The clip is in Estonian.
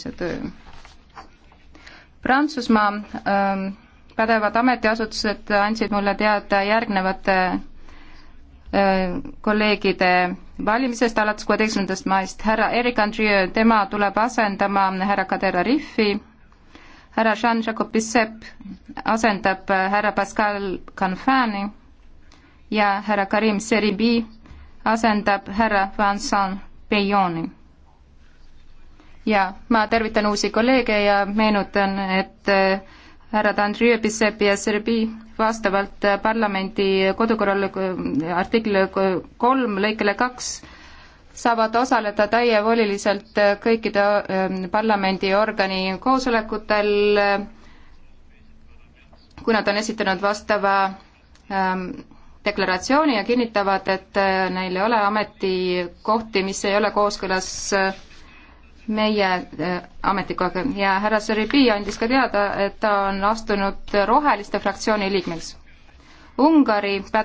see töö. Prantsusmaa ähm, pädevad ametiasutused andsid mulle teada järgnevate äh, kolleegide valimisest alates kuueteistkümnendast maist. härra Eric Andrieu, tema tuleb asendama härra Kader Arifi, härra Jean-Jacques Bissep asendab härra Pascal Canfani ja härra Karim Seribi asendab härra Vincent Peyoni ja ma tervitan uusi kolleege ja meenutan, et äh, härrad Andrei Pisep ja Serbi vastavalt äh, parlamendi kodukorrale äh, artikli kolm lõikele kaks saavad osaleda täievoliliselt kõikide ähm, parlamendiorgani koosolekutel, kui nad on esitanud vastava ähm, deklaratsiooni ja kinnitavad, et neil ei ole ametikohti, mis ei ole kooskõlas meie äh, ametikohaga ja härra Sõribi andis ka teada, et ta on astunud Roheliste fraktsiooni liikmeks. Ungari